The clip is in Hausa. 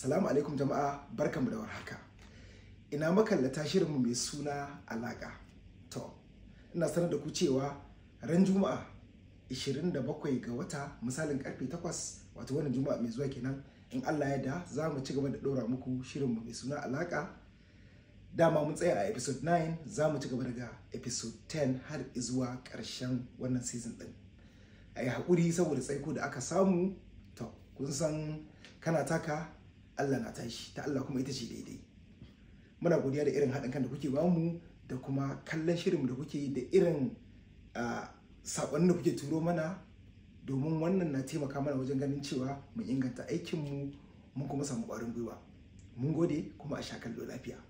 Salamu alaikum jama'a barkan da warhaka. Ina makallata shirinmu mai suna alaƙa. To, ina sanar da ku cewa ran Juma'a 27 ga wata misalin karfe 8 wato wannan Juma'a mai zuwa kenan in Allah ya da za mu ci gaba da ɗora muku shirinmu mai suna alaƙa. Dama mun tsaya a episode 9 za mu ci gaba daga episode 10 har zuwa ƙarshen wannan season ɗin. Ayi yi haƙuri saboda tsaiko da aka samu, to, kun san kana taka Allah na tashi ta Allah kuma ita ce daidai muna godiya da irin haɗin kan da kuke ba mu da kuma kallon shirin da kuke da irin saƙonin da kuke turo mana domin wannan na taimaka mana wajen ganin cewa mun inganta aikin mu, mun kuma samu ƙwarin gwiwa mun gode kuma a sha kallo lafiya